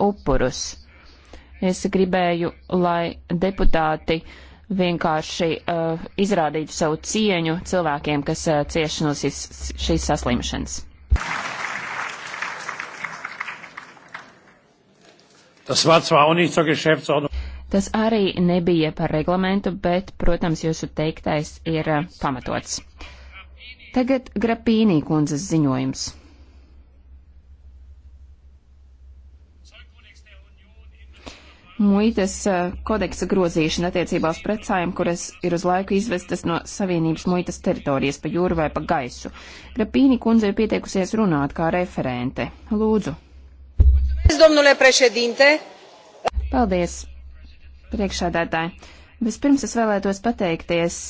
upurus. Es gribēju, lai deputāti vienkārši uh, izrādītu savu cieņu cilvēkiem, kas uh, cieši no šīs, šīs saslimšanas. Tas var zwar auch nicht zur Geschäftsordnung. Tas arī nebija par reglamentu, bet, protams, jūsu teiktais ir uh, pamatots. Tagad Grapīnī kundzes ziņojums. muitas eh, kodeksa grozīšana attiecībā uz precēm, kuras ir uz laiku izvestas no Savienības muitas teritorijas pa jūru vai pa gaisu. Grapīni kundze ir pieteikusies runāt kā referente. Lūdzu. Paldies, priekšādātāji. Vispirms es vēlētos pateikties